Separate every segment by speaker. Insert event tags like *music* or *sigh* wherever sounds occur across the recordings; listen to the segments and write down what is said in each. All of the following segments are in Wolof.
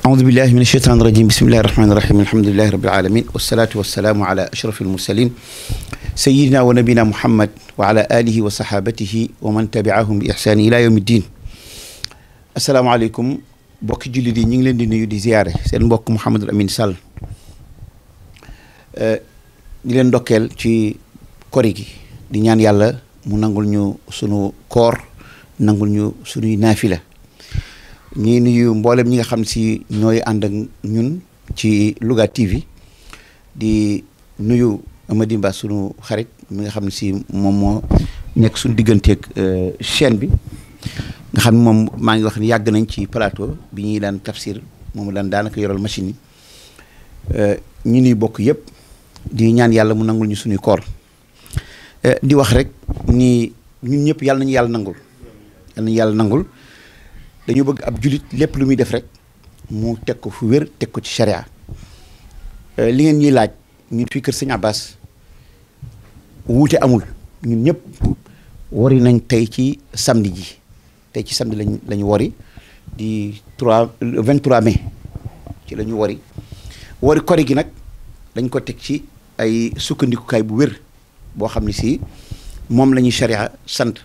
Speaker 1: أعوذ بالله من الشيطان الرجيم بسم الله الرحمن الرحيم الحمد لله رب العالمين والصلاة والسلام على أشرف المرسلين سيدنا ونبينا محمد وعلى آله وصحابته ومن تبعهم بإحسان إلى يوم الدين السلام عليكم بوك jullit yi ñu ngi leen di nuyu di ziyaare seen mbokk Mouhamadou Amine Sall di leen ndokkeel ci kori gi di ñaan yàlla mu nangul ñu sunu koor nangul ñu sunuy ñuy nuyu mboolem ñi nga xam si ñooy ànd ak ñun ci Louga TV di nuyu Amady Mba sunu xarit mi nga xam si moom moo nekk suñu digganteeg euh, chaîne bi nga xam ne moom maa ngi wax ni yàgg nañ ci palaato bi ñuy daan tafsir moom daan daanaka yoral machine yi euh, ñu nuy bokk yëpp di ñaan yàlla mu nangul ñu suñuy koor euh, di wax rek ni ñu ñëpp yàlla nañu yàlla nangul yàlla yàlla nangul dañu bëgg ab julit lépp lu muy def rek mu teg ko fu wér teg ko ci sharia euh, li ngeen ñuy laaj ñun fii kër sëñ Abbas wuute amul ñun ñëpp wari nañ tey ci samedi ji tey ci samedi lañ la ñu wari di vingt trois mais ci la ñu wari wari kori gi nag dañ ko teg ci ay sukkandikukaay bu wér boo xam ne si moom lañuy ñuy sharia sant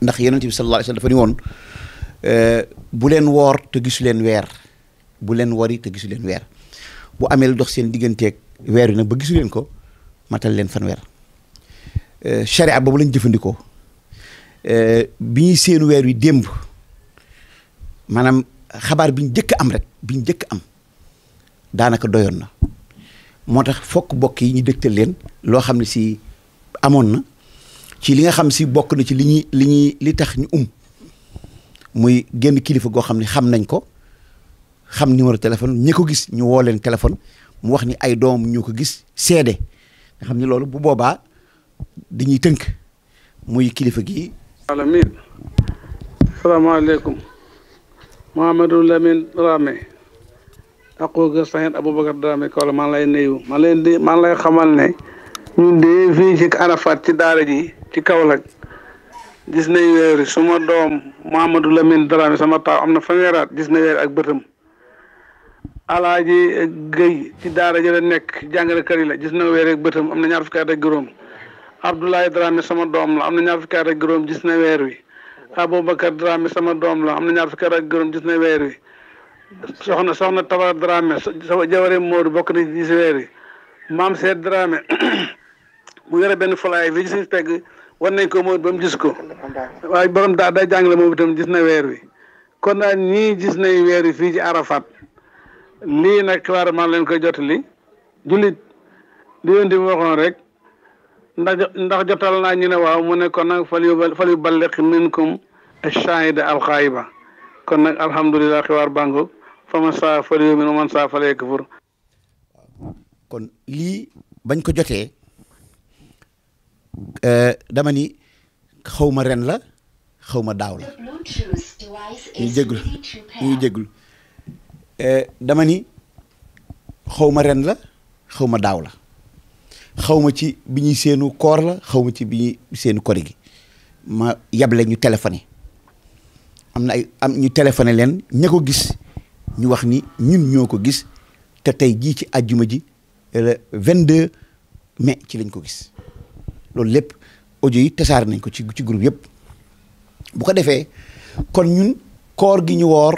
Speaker 1: ndax yonent bi sallallahu alayhi wa sallam dafa ni woon Euh, bu leen woor te gisu leen weer bu leen woor yi te gisu leen weer bu amee lu dox seen digganteeg weer wi nag ba gisu leen ko matal leen fan weer charia euh, boobu lañ jëfandikoo euh, bi ñuy seen weer yi démb maanaam xabaar bi ñu njëkk am rek bi ñu njëkk am daanaka doyoon na moo tax fokk bokk yi ñu dëgtal leen loo xam ne si amoon na ci li nga xam si bokk na ci li ñuy li ñuy li tax ñu um muy génn kilifa goo xam ne xam nañ ko xam numéro téléphone ñi ko gis ñu woo leen téléphone mu wax ni ay doom ñu ko gis seede nga xam ni loolu bu boobaa dañuy tënk muy kilifa gi
Speaker 2: alamin salaamaaleykum Mouhamadou Lamine Dramé aquga sanet Aboubacar Dramé Kaolack maa ngi lay nuyu maa lay maa lay xamal ne ñun de fii ci Arafat ci daara ji ci Kaolack gis na weer suma doom Mouhamadou Lamine Dramé sama taaw am na fanweeri at gis na weer ak bëtam alaaji Guèye ci daara ji la nekk jàngalekat yi la gis na weer ak am na ñaar fukki at ak juróom sama doom am na ñaar fukki at ak juróom gis na weer wi Aboubacar Dramé sama doom la am na ñaar fukki at ak juróom gis na weer wi soxna soxna Tawa Dramé sama jaware Moodu bokk na ci gis weer wi maam Seet Dramé *coughs* mu yore benn folaay fii ci suñu war nañ moom ba mu gis ko waaye borom daa day jàngale moom itam gis na weer wi kon daal ñii gis na weer wi fii ci lii nag xibaar maa leen koy jotali jullit li yonent bi waxoon rek ndax ndax naa ñu ne mu ne kon nag fal yu fal yu balliq kon nag alhamdulilah xibaar bàngoog fa man saa
Speaker 1: kon lii bañ ko jotee Euh, dama ni xaw ma ren la xaw ma daaw la ñuy jéglu ñuy jéglu euh, dama xaw ma ren la xaw ma daaw la xaw ma ci bi ñuy seenu koor la xaw ma ci bi ñuy seenu kori gi ma yable ñu téléphoné am na ay am ñu téléphoné leen ña ko gis ñu wax ni ñun ñoo ko gis te tey jii ci àjjuma ji le 22 mai ci lañ ko gis loolu lépp ojo yi tasaar nañ ko ci ci groupe yëpp bu ko defee kon ñun koor gi ñu woor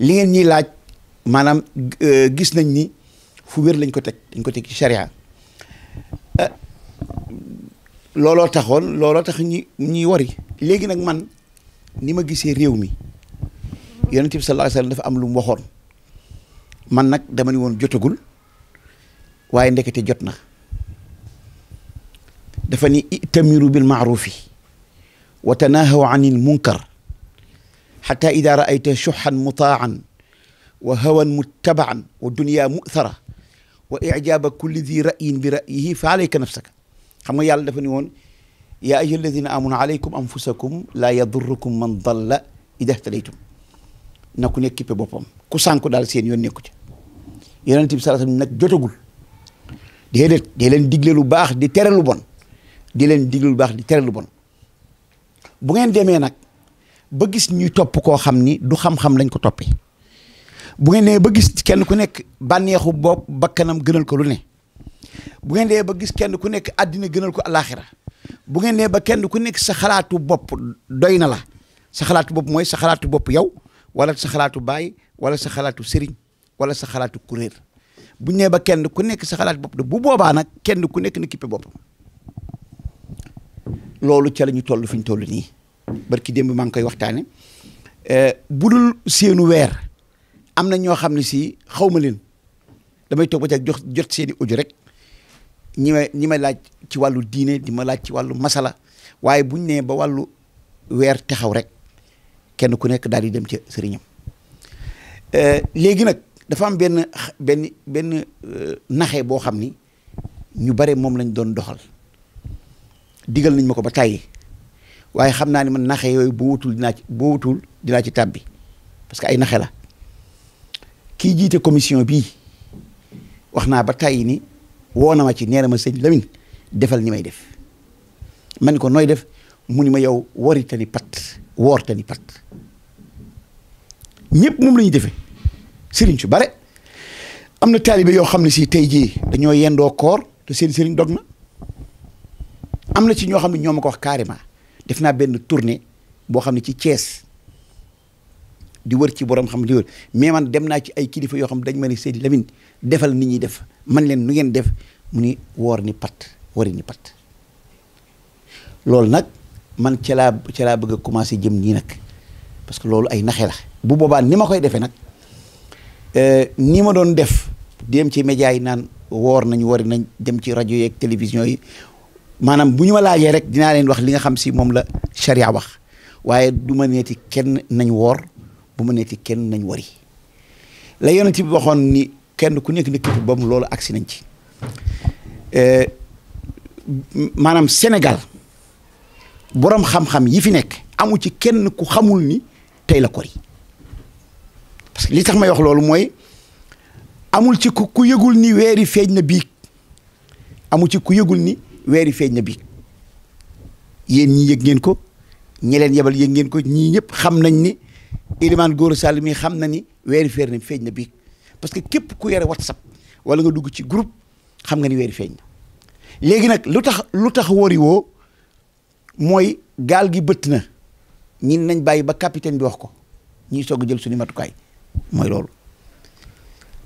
Speaker 1: li ngeen ñuy laaj maanaam euh, gis nañ ni fu wér lañ ko teg dañ ko teg ci charia euh, looloo taxoon looloo tax ñi ñuy wori léegi nag man ni ma gisee réew mi yonent bi sallallahu alayhi wasallam dafa am lu mu waxoon man nag dama ni woon jotagul waaye ndekete jot na دفني ائتمروا بالمعروف وتناهوا عن المنكر حتى إذا رأيت شحا مطاعا وهوى متبعا والدنيا مؤثرة وإعجاب كل ذي رأي برأيه فعليك نفسك خما يا يا أيها الذين آمنوا عليكم أنفسكم لا يضركم من ضل إذا اهتديتم نكون يكيب بوبام كسانكو دال سين يوني كوتي يونتي بصلاة نك جوتوغول دي هيدت دي لين ديغلي لو باخ دي تيرلو بون di leen digle lu baax di tere lu bon bu ngeen demee nag ba gis ñuy topp koo xam ni du xam-xam lañ ko toppi bu ngeen demee ba gis kenn ku nekk bànneexu bopp bakkanam gënal ko lu ne bu ngeen dee ba gis kenn ku nekk àddina gënal ko alaaxira bu ngeen demee ba kenn ku nekk sa xalaatu bopp doy na la sa xalaatu bopp mooy sa xalaatu bopp yow wala sa xalaatu baay wala sa xalaatu sëriñ wala sa xalaatu kuréel bu ñu nee ba kenn ku nekk sa xalaat bopp de bu boobaa nag kenn ku nekk na kippe boppam loolu ca la ñu toll fi ñu toll nii barki démb maa ngi koy waxtaane eh, bu dul seenu weer am na ñoo xam ne si xaw leen damay toog ba ca jox jot seen i audio rek ñi may ñi may laaj ci wàllu diine di ma laaj ci wàllu masala waaye buñ nee ba wàllu weer texaw rek kenn ku nekk daal di dem ca sëriñam eh, léegi nag dafa am benn benn benn eh, naxe boo xam ni ñu bare moom lañ doon doxal digal nañ ma ko ba tàyyi waaye xam naa ne man naxe yooyu boo wutul dinaa ci boo bi parce que ay naxe la kii jiite commission bii wax naa ba tàyyi ni woo na ci nee ma sëñ Lamine defal ni may def man ko nooy def mu ni ma yow wari tani pat woor tani pat ñëpp moom lañuy defe defee sëriñ su bare am na taalibe yoo xam ne si tey jii dañoo yendoo koor te seen sëriñ dog na am na ci ñoo xam ne ñoo ma ko wax carrément def naa benn tournée boo xam ne ci Thiès di wër ci borom xam di wër mais man dem naa ci ay kilifa yoo xam dañ ma ne Seydi Lamine defal nit ñi def man leen nu ngeen def mu ni woor ni pat warini ni pat loolu nag man ca laa ca laa bëgg a commencé jëm nii nag parce que loolu ay naxe la bu boobaa ni ma koy defee nag euh, ni ma doon def dem ci média yi naan woor nañ wari nañ dem ci rajo yeeg télévision yi maanaam bu ñu ma laajee rek dinaa leen wax li nga xam si moom la charia wax waaye du ma neeti kenn nañ woor bu ma neeti kenn nañ wori la yonent bi waxoon ni kenn ku nekk nekk ba mu loolu agsi nañ ci euh, maanaam Sénégal borom xam-xam yi fi nekk amu ci kenn ku xamul ni tey la li tax may wax loolu mooy amul ci ku ku yëgul ni weeri feeñ na biig amu ci ku yëgul ni weeri feeñ na bi yéen ñi yëg ngeen ko ñi leen yebal yëg ngeen ko ñii ñëpp xam nañ ni Elimane Gora Sall mi xam na ni weeri feer na feeñ na bi parce que képp ku yore WhatsApp wala nga dugg ci groupe xam nga ni weeri feeñ na léegi nag lu tax lu tax wari woo mooy gaal gi bëtt na ñin nañ bàyyi ba capitaine bi wax ko ñuy soog a jël suñu matukaay mooy loolu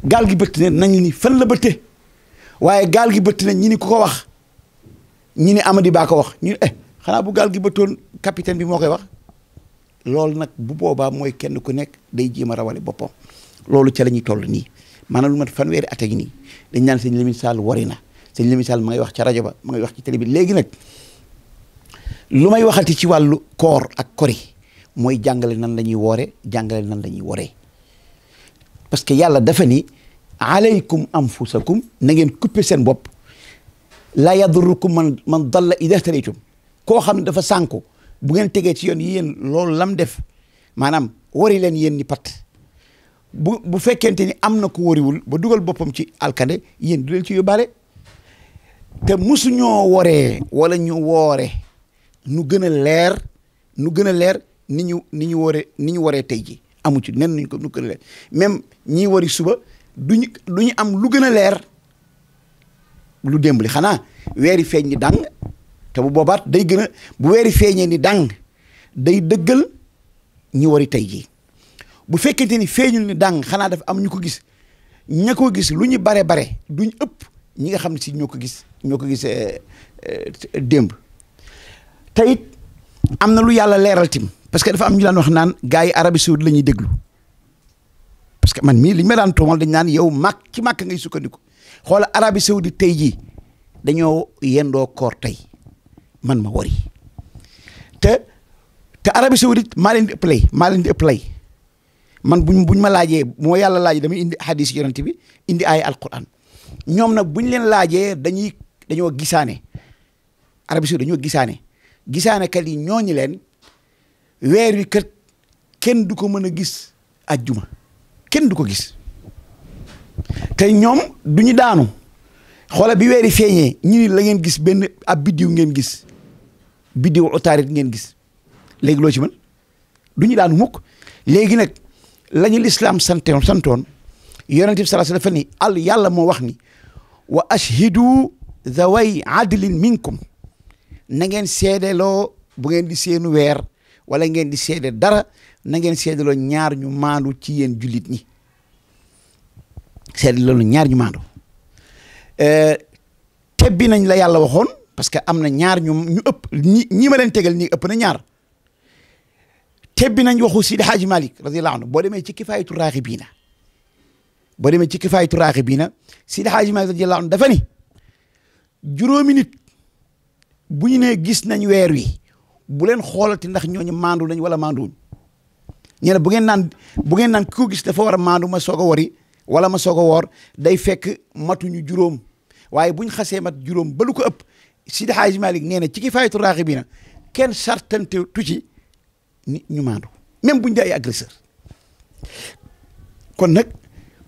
Speaker 1: gaal gi bëtt na nañ ni fan la bëtte waaye gaal gi bëtt na ñi ni ko ko wax ñi ne Amady Ba ko wax ñu eh xanaa bu gaal gi bëtoon capitaine bi moo koy wax loolu nag bu boobaa mooy kenn ku nekk day jéem a rawale boppam loolu ca la ñuy toll nii maanaam lu mat fanweeri at ak nii dañ naan sëñ Lamine Sall wari na sëñ Lamine Sall ma ngay wax ca rajo ba ma ngay wax ci télé bi léegi nag lu may waxati ci wàllu koor ak kori mooy jàngale nan la ñuy woore jàngale nan lañuy wore woree parce que yàlla dafa ni alaykum anfusakum na ngeen couper seen bopp la yadurrukum man man dalla idha ihtadaytum koo xam ne dafa sànku bu ngeen tegee ci yoon yi yéen loolu lam def maanaam wari leen yéen ni pat bu bu fekkente ni am na ku wariwul ba dugal boppam ci alkande yéen du leen ci yóbbaale te musu ñoo woree wala ñu woore nu gën a leer nu gën a leer ni ñu ni ñu wooree ni ñu waree tey ji amu ci nen nañ ko nu gën leer même ñii wari suba duñu du ñu am lu gën a leer lu démb li xanaa weeri feeñ ni dàng te bu boobaat day gën a bu weeri feeñee ni dàng day dëggal ñi wari tey jii bu fekkente ni feeñul ni dàng xanaa dafa am ñu ko gis ña ko gis lu ñu bare bare duñ ëpp ñi nga xam ne si ñoo ko gis ñoo ko gis eh, eh, démb te it am na lu yàlla leeral tim parce que dafa am ñu daan wax naan gaa yi Arabie Saoudite la ñuy déglu parce que man mii li ñu ma daan toomal dañ naan yow màkk ci màkk ngay sukkandiku xoola Arabie Saoudite tey jii dañoo yendoo koor tey man ma wari te te Arabie Saoudite maa leen di ëpp lay maa leen ëpp lay man buñ buñ ma laajee moo yàlla laajee damay indi hadis yonent bi indi ay alquran ñoom nag buñ leen laajee dañuy dañoo gisaane Arabie Saoudite dañoo gisaane gisaane kat yi ñooñu leen weer wi kër kenn du ko mën a gis a ajjuma kenn du ko gis tey ñoom du ñu daanu xoola bi weeri feeñee ñu la ngeen gis benn ab biddiw ngeen gis biddiw utaarit ngeen gis léegi loo ci mën du ñu daanu mukk léegi nag la ñu lislaam santoon santoon yonent bi sallallahu alayhi wasallam dafa ni àll yàlla moo wax ni wa ashhidu zaway adlin minkum na ngeen seede loo bu ngeen di seenu weer wala ngeen di seede dara na ngeen seedeloo ñaar ñu maandu ci yéen jullit ñi seet loolu ñaar ñu maandu euh, tebbi nañ la yàlla waxoon parce que am na ñaar ñu ëpp ñi ñi ma leen tegal ñi ëpp na ñaar tebbi nañ waxu Sidi Hadji Malick radiyallahu anhu boo demee ci kifaayatu raaxibiina boo demee ci kifaayatu raaxibiina Sidi Hadji Malick radiyallahu anhu dafa juróomi nit bu ñu nee gis nañ weer wi bu leen xoolati ndax ñooñu maandu nañ wala maanduwuñ ñu ne bu ngeen naan bu ngeen naan ku gis dafa war a maandu ma soog a wari wala ma soog a woor day fekk matuñu juróom waaye buñ xasee mat juróom ba lu ko ëpp Sidi Hadj malik nee na ci Kifaayatu Raaxibiina kenn sartante tu ci ñu maandu même buñ dee ay agresseur kon nag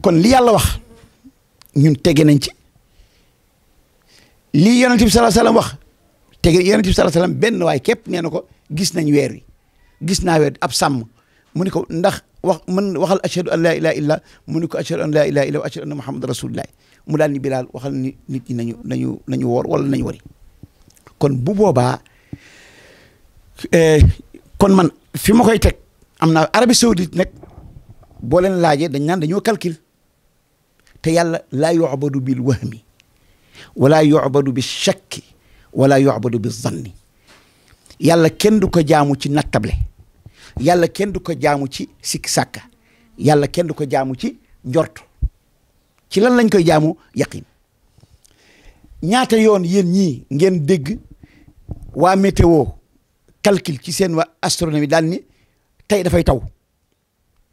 Speaker 1: kon li yàlla wax ñun tege nañ ci li yonent bi sallallahu alayhi wasallam wax tege yonent bi sallallahu alayhi wasallam benn waay képp nee na ko gis nañ weer wi gis naa weer ab sàmm mu ni ko ndax wax mën waxal ashhadu an laa ilaha illa mu ni ko ashhadu an laa ilaha illa wa ashhadu anna muhammad rasulullah mu daal ni bilaal waxal ni nit ñi nañu nañu nañu woor wala nañu wari kon bu boobaa eh, kon man fi ma koy teg am naa Arabie Saoudite nag boo leen laajee dañ naan dañoo calcul te yàlla laa yu'badu bil wahmi wala yu'badu bi shakki wala yu'badu bi zanni yàlla kenn du ko jaamu ci nattable yàlla kenn du ko jaamu ci sikk sàkka yàlla kenn du ko jaamu ci njort ci lan lañ koy jaamu yaqin ñaata yoon yéen ñi ngeen dégg waa météo calcul ci seen waa astronomie daal ni tey dafay taw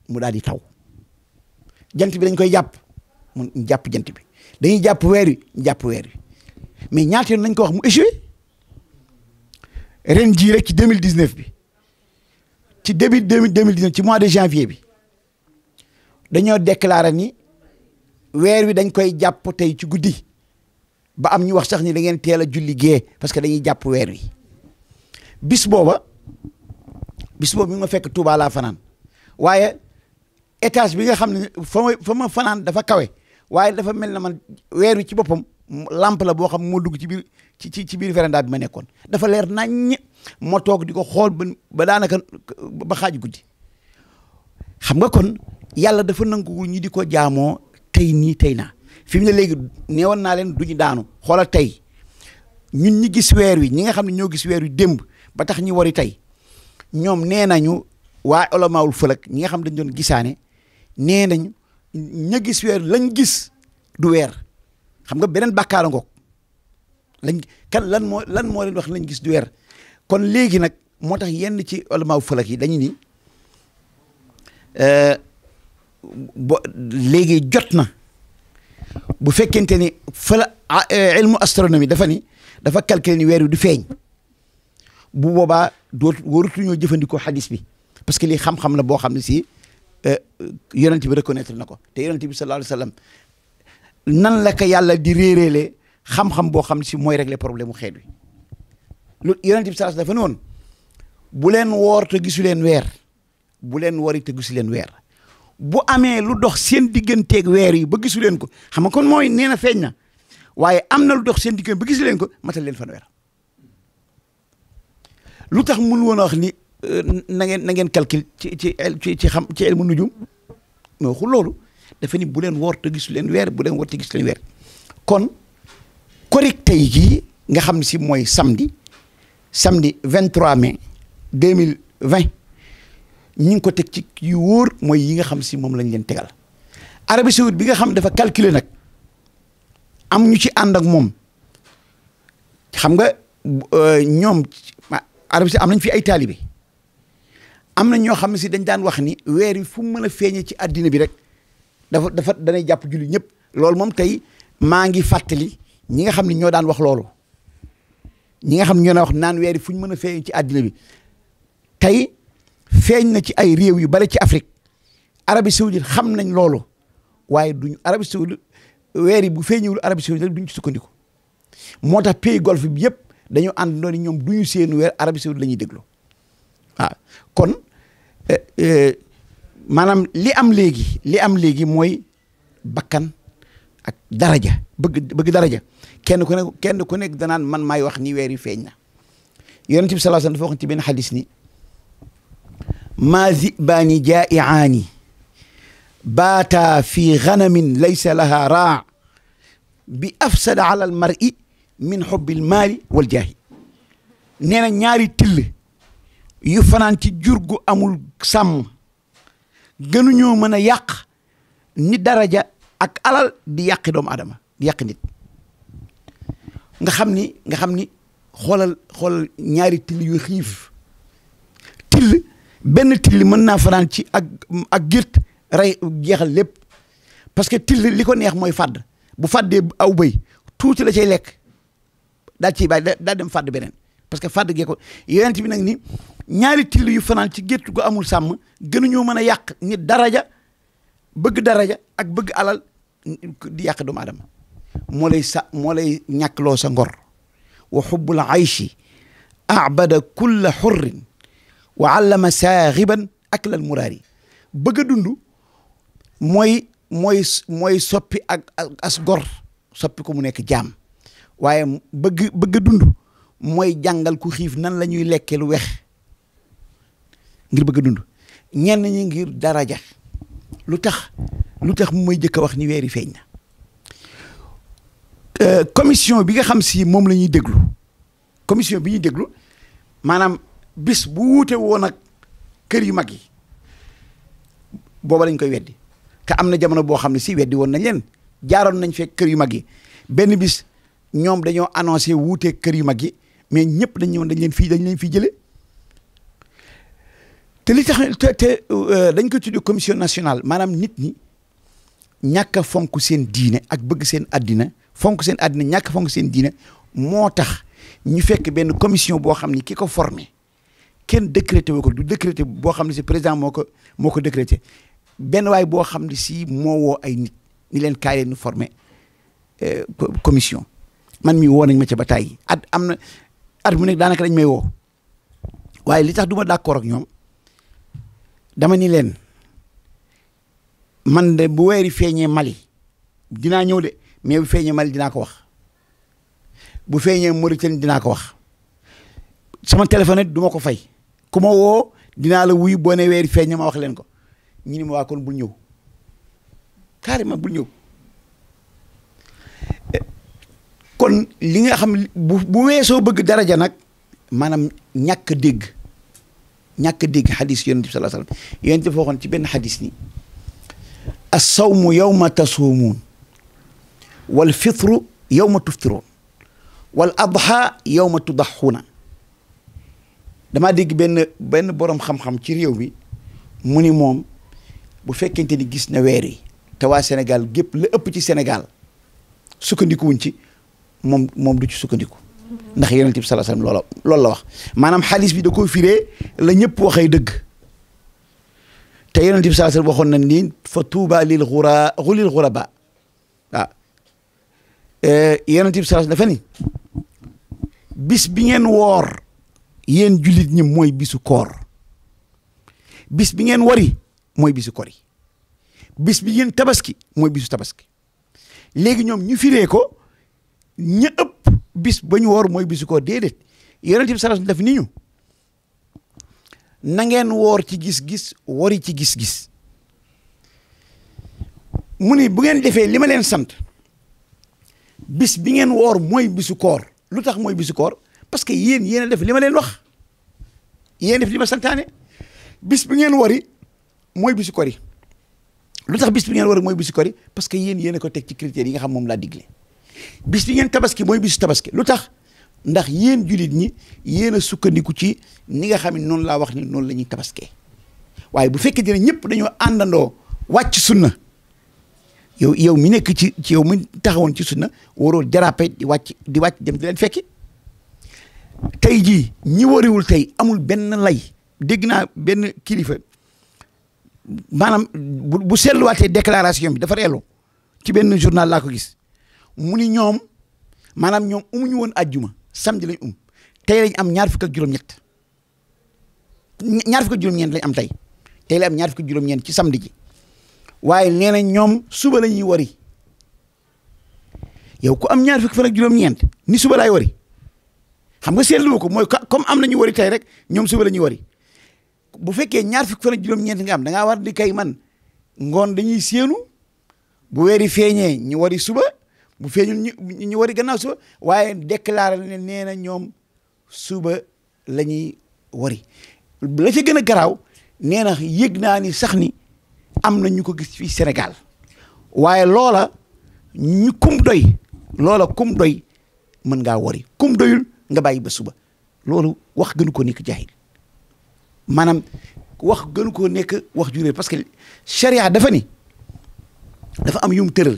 Speaker 1: mu daal di taw jant bi dañ koy jàpp mu jàpp jant bi dañuy jàpp weer wi ñu jàpp weer wi mais ñaata yoon nañ ko wax mu échoué ren jii rek ci 2019 bi ci début deux mille dix-neuf ci mois de janvier bi dañoo déclaré ni weer wi dañ koy jàpp tey ci guddi ba am ñu wax sax ni dangeen ngeen teel a julli gee parce que dañuy jàpp weer wi bis booba bis booba mi ma fekk Touba laa fanaan waaye étage bi nga xam ne fa ma fanaan dafa kawe waaye dafa mel na man weer wi ci boppam lampe la boo xam moo dugg ci biir ci ci ci biir véranda bi ma nekkoon dafa leer naññ toog di ko xool ba ba daanaka ba xaaj guddi xam nga kon yàlla dafa nanguwul ñi di ko jaamoo tey nii tey naa fi mu ne léegi neewoon naa leen duñu daanu xoolal tey ñun ñi gis weer wi ñi nga xam ne ñoo gis weer wi démb ba tax ñi wari tey ñoom nee nañu waa olamaawul fëlëk ñi nga xam dañ doon gisaane nee nañ ña gis weer lañ gis du weer xam nga beneen bàkkaara ngoog lañ kan lan moo lan moo leen wax lañ gis du weer kon léegi nag moo tax yenn ci ulamaaw falak yi dañu ni bo léegi jot na bu fekkente ni fala ilmu astronomie dafa ni dafa calculer ni weer wi du feeñ bu boobaa dootu warutuñoo jëfandikoo xadis bi parce que lii xam-xam la boo xam ne si yonent bi reconnaître na ko te yonent bi sallallahu alayhi wa sallam nan la ko yàlla di rerele xam xam-xam bo xam ci moy régler problème xeet wi lu yonent bi saas dafa ne woon bu len wor te gisu leen weer bu len wori te gisu leen weer bu amé lu dox sen digënté ak wer yi ba gisu leen ko xam nga kon moy nee feñna waye amna lu dox sen digënté ba gisu leen ko matal len fan wer lu tax mun woon wax ni na ngeen na ngeen calcul ci ci ci xam ci elmu nujum moo xul lolou dafa ni bu leen woor te gis leen weer bu leen woor te gis leen weer kon korik tey jii nga xam si mooy samedi samedi 23 mai 2020 ñu ngi ko teg ci yu wóor mooy yi nga xam si moom lañ leen tegal Arabie Saoudite bi nga xam dafa calculer nag am ñu ci ànd ak moom xam nga euh, ñoom Arabie Saoudite am nañ fi ay taalibe am na ñoo xam si dañ daan wax ni weer yi fu mu mën a feeñee ci àddina bi rek dafa dafa danay jàpp julli ñëpp loolu moom tey maa ngi fàttali ñi nga xam ne ñoo daan wax loolu ñi nga xam ne ñoo daan wax naan weer yi fu ñu mën a feeñ ci àddina bi tey feeñ na ci ay réew yu bari ci Afrique Arabie Saoudite xam nañ loolu waaye duñu Arabie Saoudite weer yi bu feeñewul Arabie Saoudite rek duñ ci sukkandiku moo tax pays golfe yëpp dañoo ànd ñoom duñu seen weer Arabie Saoudite la ñuy manam li am legui li am legui moy bakkan ak daraja bëgg bëgg daraja kenn ku ne kenn ku da nan man may wax ni wéri yi feeñ na yonent bi sallallahu alayhi wasallam dafa waxoon ci benn ni ma zibani jaa'iaani bata fi ganamin laysa laha ra' bi afsada ala al mar'i min hubb al mal wal jaahi nee ñaari til yu fanan ci jurgu amul sam gënuñoo mën a yàq ni daraja ak alal di yàqi doomu aadama di yàqi nit nga xam ni nga xam ni xoolal xoolal ñaari till yu xiif till benn till mën naa fanaan ci ak ak girt rey geexal lépp parce que till li ko neex mooy fàdd bu fàddee aw bëy tuuti la cay lekk da ciy bàyyi daal dem fàdd beneen parce que fàdd gee ko yonent bi nag ni ñaari till yu fanaan ci gétt gu amul sàmm gënuñoo mën a yàq nit daraja bëgg daraja ak bëgg alal di yàq doomu aadama moo lay sa moo lay ñàkkloo sa ngor wa xubbul aychi abada kulla xurrin wa allama saaxiban akla al muraari bëgg a mooy mooy soppi ak as gor soppi ko mu nekk jaam waaye bëgg bëgg dund mooy jàngal ku xiif nan la ñuy lekkee lu wex ngir bëgg a dund ñenn ñi ngir daraja lu tax lu tax mu may jëkk a wax ni weeri yi feeñ na euh, commission bi nga xam si moom la ñuy déglu commission bi ñuy déglu maanaam bis bu wuute woon ak kër yu mag yi booba lañ koy weddi te am na jamono boo xam ne si weddi woon nañ leen jaaroon nañ fee kër yu mag yi benn bis ñoom dañoo annoncé wuute kër yu mag yi mais ñëpp dañ ñëwoon leen fii dañ leen fii jëlee te li tax te euh, dañ ko tudd commission nationale maanaam nit ñi ñàkk a fonk seen diine ak bëgg seen addina fonku seen addina ñàkk fonk seen diine moo tax ñu fekk benn commission boo xam ni ki ko formé kenn décrété wu ko du décrété boo xam ne si président moo ko moo ko décrété benn waay boo xam ne si moo woo ay nit ni leen kaay nu formé euh, commission man mi woo nañ ma ca ba tàyyi at am na at mu nekk daanaka dañ may woo waaye li tax du ma d'accord ak ñoom dama ni leen man de bu weeri feeñee Mali dina ñëw de mais bu feeñee Mali dina ko wax bu feeñee Mauritanie dinaa ko wax sama téléphone duma ma ko fay ku ma woo dinaa la wuy boo ne weeri feeñee ma wax leen ko ni kon bul ñëw carrément bul ñëw eh, kon li nga xam bu dégg ñak deg hadith yunus sallallahu alayhi wasallam yent dafa waxoon ci ben hadith ni as sawm yawma tasumun wal fitr yawma tuftiroon wal adha yawma tudaxuuna dama deg ben ben borom xam-xam ci rew mi muni mom bu fekkente ni gis na wéri taw Sénégal gep le upp ci Sénégal wun ci mom mom du ci sukkandiku ndax yonent bi sallallahu alayhi wasallam lolo lolo la wax manam hadith bi da koy firé la ñëpp waxee deug te yonent bi sallallahu alayhi wasallam waxon na ni fa tuuba lil xura xulil xuraba waaw yonent bi sallallahu alayhi wasallam bis bi ngeen woor yéen jullit ñi mooy bisu koor bis bi ngeen wari mooy bisu kori bis bi ngeen tabaski mooy bisu tabaski léegi ñoom ñu firee ko ña bis ba wor moy bisuko dedet koor bi sallallahu alayhi wasallam na ngeen wor ci gis-gis wori ci gis-gis bu ngeen defé lima len sante bis bi ngeen wor moy bisu koor lutax moy bisu koor parce que yeen yeen def lima len wax yeen def lima santane bis bi ngeen wori moy bisu koori lutax bis bi ngeen wori moy bisu koori parce que yeen yeen ko tek ci critère yi nga xam mom la diglé bis bi ngeen tabaski mooy bisu tabaski lu tax ndax yéen julit ñi yéen a sukkandiku ci ni nga xam ne noonu laa wax ni noonu la ñuy tabaskee waaye bu fekkee dina ñëpp dañoo àndandoo wàcc sunna yow yow mi nekk ci ci yow mi taxawoon ci sunna waroo jarape di wàcc di wàcc dem di leen fekki tey jii ñi wariwul tey amul benn lay dégg naa benn kilifa maanaam bu bu seetluwaatee déclaration bi dafa reelu ci benn journal laa ko gis mu ni ñoom maanaam ñoom umuñu woon ajjuma samedi lañ um tey lañ am ñaar fukk ak juróom-ñett ñaar ñeent lañ am tey tey lañ am ñaar fukk ak ñeent ci samedi ji waaye nee na ñoom suba la ñuy wari yow ku am ñaar fukk fan ak ñeent ni suba laay wari xam nga seetlu ko mooy comme am na ñu wari tey rek ñoom suba la ñuy wari bu fekkee ñaar fukk fan ak ñeent nga am da ngaa war di kay man ngoon dañuy séenu bu weeri feeñee ñu wari suba. bu feeñul ñu wari gannaaw suba waaye déclaré ne nee na ñoom suba la ñuy wari la ca gën a garaaw nee na yëg naa ni sax ni am na ñu ko gis fii Sénégal waaye loola ñu kum doy loola kum doy mën ngaa wari kum doyul nga bàyyi ba suba loolu wax gënu ko nekk jaahil maanaam wax gënu ko nekk wax juré parce que charia dafa ni dafa am yum tëral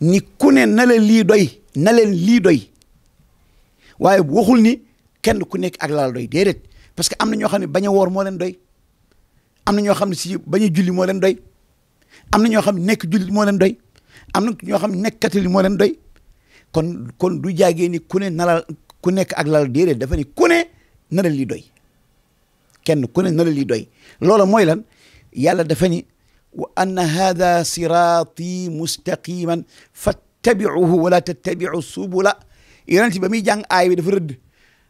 Speaker 1: ni ku ne na lii doy na leen lii doy waaye waxul ni kenn ku nekk ak laal doy déedéet parce que am na ñoo xam ne bañ a woor moo leen doy am na ñoo xam ne si bañ a julli moo doy am na ñoo xam ne nekk jullit moo leen doy am na ñoo xam ne nekk catholique moo leen kon kon du jaagee ni ku ne nalal ku nekk ak laal déedéet dafa ni ku ne lii doy kenn ku ne na la lii doy loola mooy lan yàlla dafa ni وأن هذا صراطي مستقيما فاتبعوه ولا تتبعوا السبل إيران تبمي جان آي بالفرد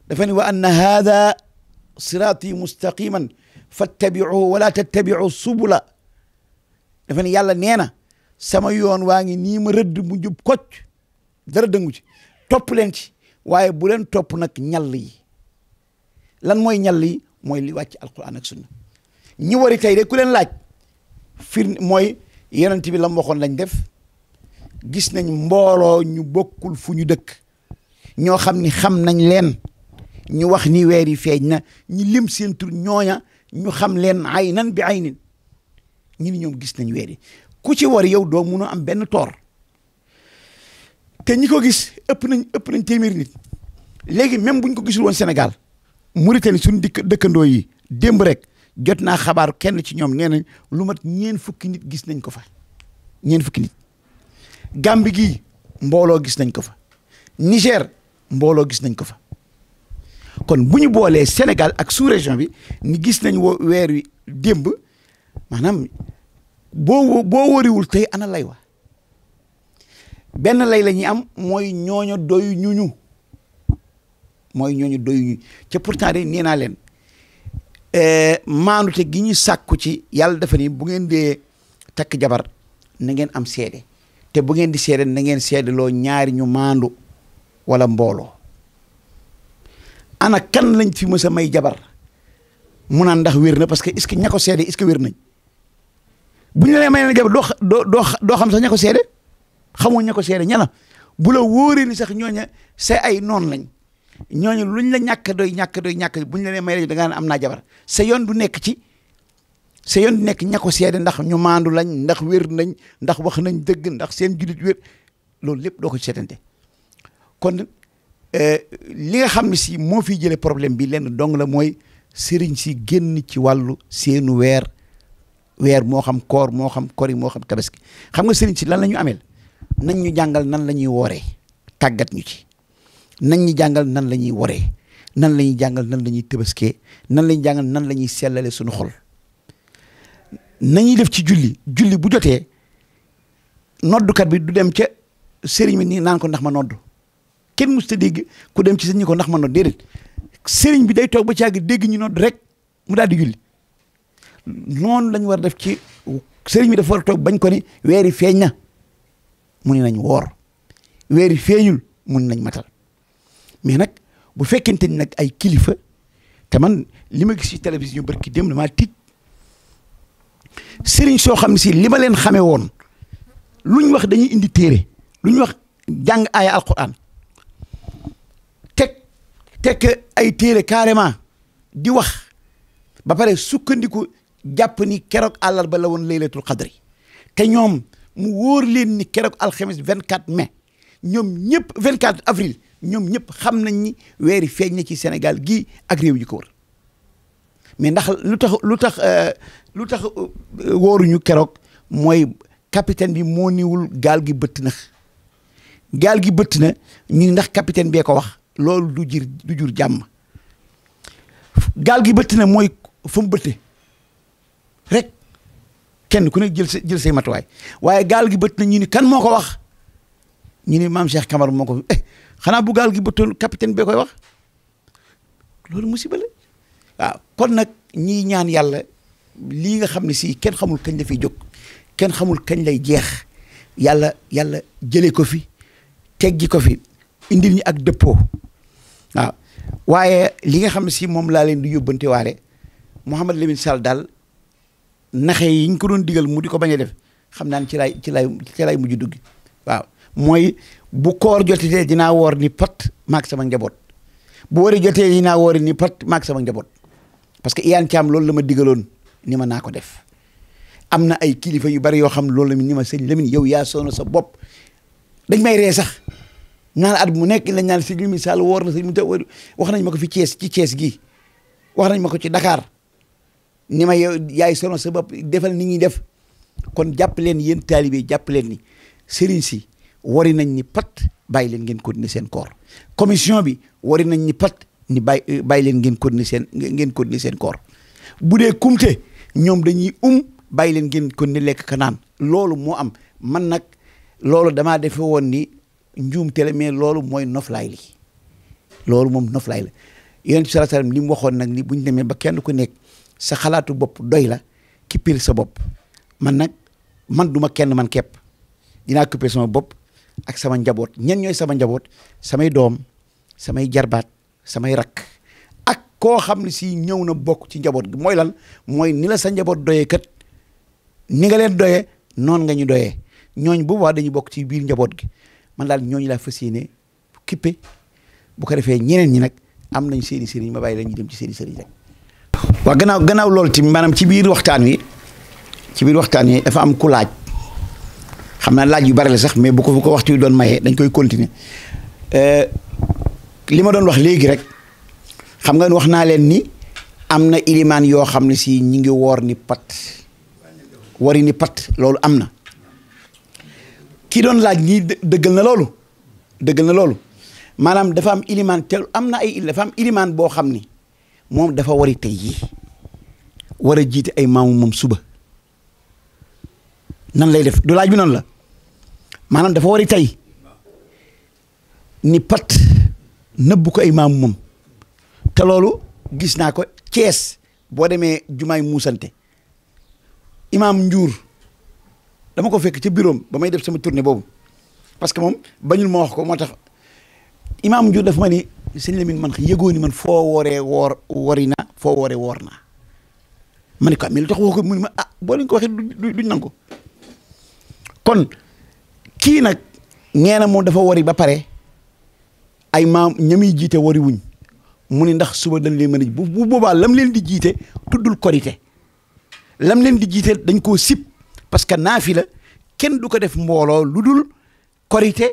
Speaker 1: دفني وأن هذا صراطي مستقيما فاتبعوه ولا تتبعوا السبل دفني يلا نينا سمايون واني نيم رد مجب كوت درد مجب توب لنتي واي بولن توب نك نيالي لان موي نيالي موي لي واتي القرآن السنة نيواري تايري كولن لاج firnde mooy yonent bi la mu waxoon lañ def gis nañ mbooloo ñu bokkul fu ñu dëkk ñoo xam ni xam nañ leen ñu wax ni weer yi feeñ na ñu lim seen tur ñooña ñu xam leen ay nan bi ay nin ñu ni ñoom gis nañ weer yi ku ci war yow doo mun am benn toor te ñi ko gis ëpp nañ ëpp nañ téeméeri nit léegi même buñ ko gisul woon Sénégal Mauritanie suñu dikk dëkkandoo yi démb rek jot naa xabaar kenn ci ñoom nee nañ lu mat ñeen fukki nit gis nañ ko fa ñeen fukki nit Gàmbi gii mbooloo gis nañ ko fa Niger mbooloo gis nañ ko fa kon bu ñu boolee Sénégal ak sous-région bi ni gis nañ wo weer wi démb maanaam boo boo wariwul tey ana lay wa benn lay la ñuy am mooy ñooñu doyu ñuñu mooy ñooñu doyu ñu ca pourtant de nee naa leen Eh, maanute gi ñu sàkku ci yàlla dafa ni bu ngeen dee takk jabar na ngeen am seede te bu ngeen di seede na ngeen seede loo ñaari ñu maandu wala mbooloo ana kan lañ fi mës a may jabar mun naan ndax wér na parce que is ce que ña ko seede is ce que wér nañ bu ñu la may na jabar doo doo doo xam sax ña ko seede xamoo ña ko seede ña la bu sax ñooña sa ay noon lañ ñooñu luñ la ñàkk doy ñàkk doy ñàkk buñ la nee may rajo da ngaa am naa jabar sa yoon du nekk ci sa yoon du nekk ña ko seede ndax ñu maandu lañ ndax wér nañ ndax wax nañ dëgg ndax seen jullit wér loolu lépp doo ko seetante kon euh, li nga xam ne si moo fiy jëlee problème bi lenn dong la mooy seriñ si génn ci wàllu seenu weer weer moo xam koor moo xam kori moo xam tabaski xam nga sëriñ si lan la ñu ameel nañ ñu jàngal nan la ñuy wooree tàggat ñu ci nañ ñu jàngal nan la ñuy waree nan la ñuy jàngal nan la ñuy tëbaskee nan lañ ñuy jàngal nan la ñuy sellalee suñu xol nañuy def ci julli julli bu jotee noddukat bi du dem ca sëriñ bi nii naan ko ndax ma noddu kenn mus ta ku dem ci sëriñ ko ndax ma noddu déedéet sëriñ bi day toog ba ci àgg dégg ñu noddu rek mu daal di julli noonu lañ war a def ci sëriñ bi dafa war toog bañ ko ni weeri feeña na nañ woor weeri feeñul mu ni nañ matal mais nag bu fekkente ni nag ay kilifa te man li ma gis ci télévision barki dem na maa tiit sëriñ soo xam ne si li ma leen xamee woon luñ wax dañuy indi téere luñ wax jàng aaya alquran teg teg ay téere carrément di wax ba pare sukkandiku jàpp ni keroog àllarba la woon laylatul qadri te ñoom mu wóor leen ni keroog alxames 24 mai ñoom ñëpp 24 avril ñoom ñëpp xam nañ ni weer yi feeñ na ci senegal gii ak réew yi ko wër mais ndax lu tax lu tax euh, lu tax euh, wóoruñu keroog mooy capitaine bi moo niwul gaal gi bëtt na gaal gi bëtt na ñu ndax capitaine bee ko wax loolu du jir du jur jàmm gaal gi bëtt na mooy fa mu bëtte rek kenn ku nekk jël sa jël say matuwaay waaye gaal gi bëtt na ñu ni kan moo ko wax ñu ni maam Cheikh Camara moo ko eh xanaa bu gaal gi bëttoon capitaine bee koy wax loolu musiba la waaw kon nag ñi ñaan yàlla lii nga xam ne si kenn xamul kañ la fiy jóg kenn xamul kañ lay jeex yàlla yàlla jëlee ko fi teggi ko fi indil ñi ak dëppoo waaw waaye li nga xam ne sii moom laa leen di yóbbante waare Mouhamed Lamine Sall daal naxe yi ñu ko doon digal mu di ko bañ a def xam naan ci laay ci laay mujj dugg waaw mooy bu koor jotitee dinaa woor ni pat maak sama njaboot bu wari jotee dinaa woor ni pat maak sama njaboot parce que iyaan caam loolu la ma diggaloon ni ma naa ko def am na ay kilifa yu bari yoo xam loolu la ni ma sëñ Lamine yow yaa soono sa bopp dañ may ree sax naan at mu nekk lañ naan sëñ Lamine Sall woor na sëñ mu ta wax na ma ko fi Thiès ci Thiès gi wax nañ ma ko ci Dakar ni ma yow yaay soono sa bopp defal ni ñuy def kon jàpp leen yéen jàpp leen ni sëriñ si wari nañ ni pat bàyyi leen ngeen continuer seen koor commission bi wari nañ ni pat ni bàyyi eh, bàyyi leen ngeen continuer seen ngeen continuer seen koor bu dee kumte ñoom dañuy um bay leen ngeen continuer lekk ka naan loolu moo am man nag loolu damaa defe woon ni njuum tele mais loolu mooy noflaay li loolu moom noflaay la yonent bi sallallahu li mu waxoon nag ni bu ñu demee ba kenn ku nekk sa xalaatu bopp doy la kippil sa bopp man nag man duma kenn man képp dinaa kippil sama bopp ak sama njabot ñan ñoy sama njabot samay dom samay jarbat samay rak ak ko xamni si ñew na bok ci njabot gi mooy lan moy ni la sa njabot doye kat ni nga len doye non nga ñu doye ñoñ bu boobaa dañu bok ci biir njabot gi man dal ñoñ la fassiyene kippé bu ko defé ñeneen ñi nak am nañ seeni sëriñ ma bàyyi la dem ci seeni sëriñ rek wa gënaaw gënaaw lol ci manam ci biir waxtaan wi ci biir waxtaan yi dafa am ku laaj xam naa laaj yu bari la sax mais bu ko bu ko waxtu yu doon mayee dañ koy continuer euh, li ma doon wax léegi rek xam nga wax naa leen ni am na ilimaan yoo xam ne si ñi ngi woor ni pat wari ni pat loolu am na kii doon laaj ñii dëggal na loolu dëggal na loolu maanaam dafa am ilimaan te am na ay dafa am ilimaan boo xam ni moom dafa wari tey yii war a jiite ay maamu moom suba nan lay def du laaj bi noonu la maanaam dafa wori tey ni pat nëbbu ko ay maamu moom te loolu gis naa ko Cees boo demee jumaa jumaay muusante imaam Njuur dama ko fekk ci bureau ba may def sama turne boobu parce que moom bañul ma wax ko moo tax imaam Njuur dafa ma ni sëñ Lamine man yëgoo man foo wooree woor wori na foo wooree woor naa ma ne ko mais lu tax woo ko mu ma a ah, boo leen ko waxee duñ nangu ko kon kii nag ñee moom dafa wari ba pare ay maam ñamuy jiite wari wuñ mu ni ndax suba dañ leen mën a bu bu boobaa lam leen di jiite tuddul korite lam leen di jiite dañ koo sip parce que naafi la kenn du ko def mbooloo lu dul korite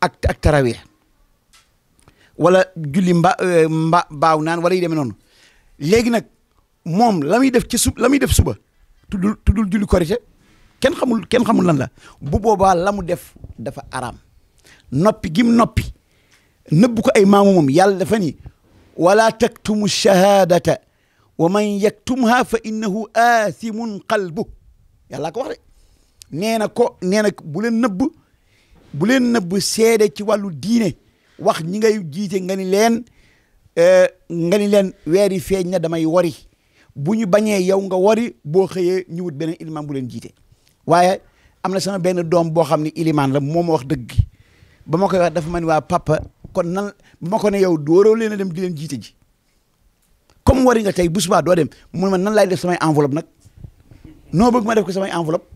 Speaker 1: ak ak walla julli mba euh, mba baaw naan wala yi demee noonu léegi nag moom la muy def ci su la muy def suba tuddul tuddul julli korite kenn xamul kenn xamul lan la bu boobaa la mu def dafa araam noppi gim noppi nëbb ko ay maamu yàlla dafa ni wala taktumu shahadata wa man yaktumha fa innahu aathimun qalbu yàllaa ko wax de nee na ko nee na bu leen nëbb bu leen nëbb seede ci wàllu diine wax ñi ngay jiite nga ni leen nga ni leen weeri feeñ na damay wari bu ñu bañee yow nga wari boo xëyee ñu wut beneen imaam bu leen jiite waaye am na sama benn doom boo xam ne ilimaan la moo ma wax dëgg ba ma koy wax dafa ma ne waa papa kon nan ba ma ko ne yow dooroo leen dem di leen jiite ji comme wari nga tey bu subaa doo dem mu ma nan laay def samay enveloppe nag noo bëgg ma def ko samay enveloppe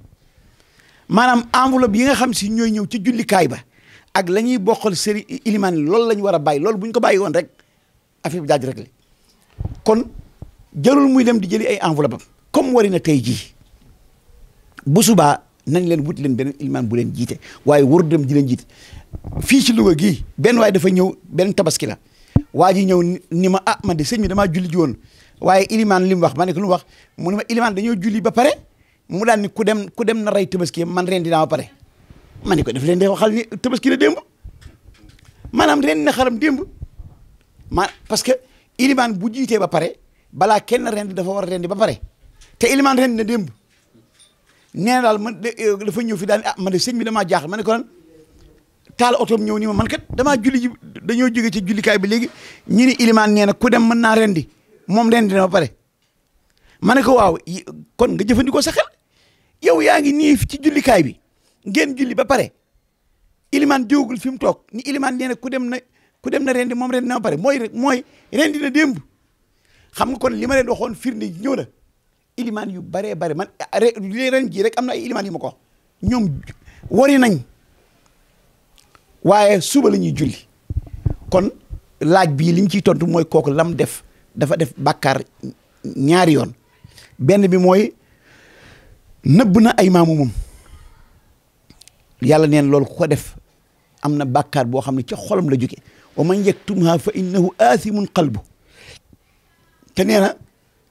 Speaker 1: maanaam enveloppe yi nga xam si ñooy ñëw ci jullikaay ba ak la ñuy bokkal sëri ilimaan loolu la ñu war a bàyyi loolu bu ko bay woon rek affaire bu daaj rek li kon jëlul muy dem di jëli ay enveloppe am comme wari na tey jii bu subaa nañ leen wuti leen beneen ilmaan bu leen jiite waaye waru dem di leen jiite fii ci Louga gi benn waaye dafa ñëw benn tabaski la waa ji ñëw ni ma a ah, man de sëñ bi damaa julli ji woon waaye ilimaan li mu wax ma ne ko lu mu wax mu ne ma ilimaan dañoo julli ba pare mu daan ni ku dem ku dem na rey tabaski man ren dinaa ba pare ma ne ko daf leen di waxal ni tabaski la démb maanaam ren na xaram démb ma parce que ilimaan bu jiitee ba pare balaa kenn ren dafa war a ren ba pare te ilimaan ren na démb nee daal man eh, dafa ñëw fi daal ah man de sëñ bi damaa jaaxal ma ne ko lan taal otoom ñëw ni ma man kat damaa julli ji dañoo jóge ci jullikaay bi léegi ñu ni ilimaan nee na ku dem mën naa rendi moom rendi na ba pare ma ne ko kon nga jëfandikoo sa xel yow yaa ngi nii ci jullikaay bi ngeen julli ba pare ilimaan jógul fi mu toog ni ilimaan nee na ku dem na ku dem na rendi moom rendi na ba pare mooy rek mooy rendi na démb xam nga kon li ma leen waxoon firnde ji ñëw na ilimaan yu baree bare man li ren jii rek am na ay ilimaan yu ma ko ñoom wari nañ waaye suba la ñuy julli kon laaj bi li ñu ciy tontu mooy kooku lam def dafa def bàkkaar ñaari yoon benn bi mooy nëbb na ay maamumam yàlla neen loolu ko def am na bàkkaar boo xam ne ca xolam la jóge wa man yaktumha fa innahu aathimun qalbu te nee na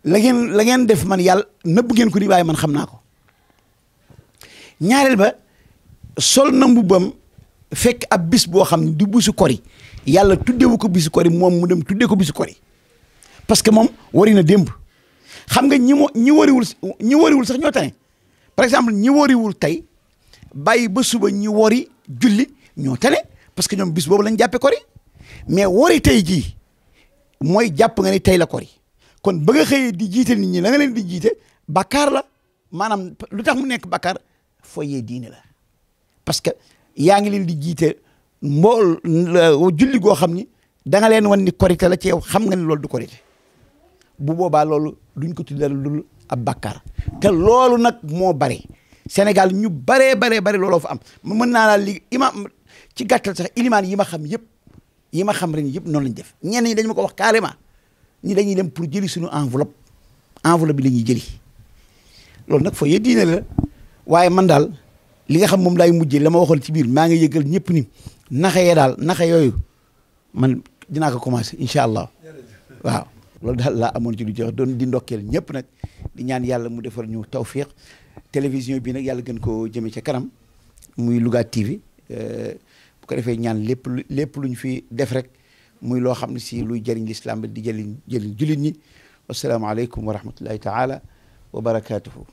Speaker 1: la ngeen la ngeen def man yàlla nëbb ngeen ko di waaye man xam naa ko ñaareel ba sol na mbubbam fekk ab bis boo xam ne di bisu kori yàlla tuddewu ko bisu kori moom mu dem tuddee ko bisu kori parce que moom wari na démb xam nga ñi mo ñi wariwul ñi sax ñoo tane par exemple ñi wariwul tey bàyyi ba suba ñi wari julli ñoo tane parce que ñoom bis boobu lañ jàppee kori mais wari tey jii mooy jàpp nga ni tey la kori kon ba nga di jiite nit ñi la nga di jiite bakkaar la maanaam lu tax mu nekk bakkaar foyee diine la parce que yaa ngi leen di jiite mbool julli goo xam ni da nga leen wan ni korite la ci yow xam nga ni loolu du korite bu boobaa loolu duñ ko tuddee lu a bakkaar te loolu nag moo bari Sénégal ñu baree baree bari looloo fa am mën naa laa li imaam ci gàttal sax ilimaan yi ma xam yëpp yi ma xam ren yëpp noonu lañ def ñenn ñi dañ ma ko wax carrément ñi dañuy dem pour jëli suñu enveloppe enveloppe bi la ñuy jëli loolu nag fooyee diine la waaye man daal li nga xam moom laay mujjee la ma waxool ci biir maa ngi yëgal ñëpp ni naxa yee daal naxa yooyu man dinaa ko commencé incha allah waaw. loolu daal laa amoon ci lu jox doon di ndokkeel ñëpp nag di ñaan yàlla mu defar ñu tawfiq télévision bi nag yàlla gën koo jëmee ca kanam muy Louga TV euh, bu ko defee ñaan lépp lu lépp lu ñu fi def rek. muy loo xam ne si luy jëriñ lislaam bi di jëriñ jëriñ jullit ñi wasalaamaaleykum wa rahmatullahi taala wa barakaatuhu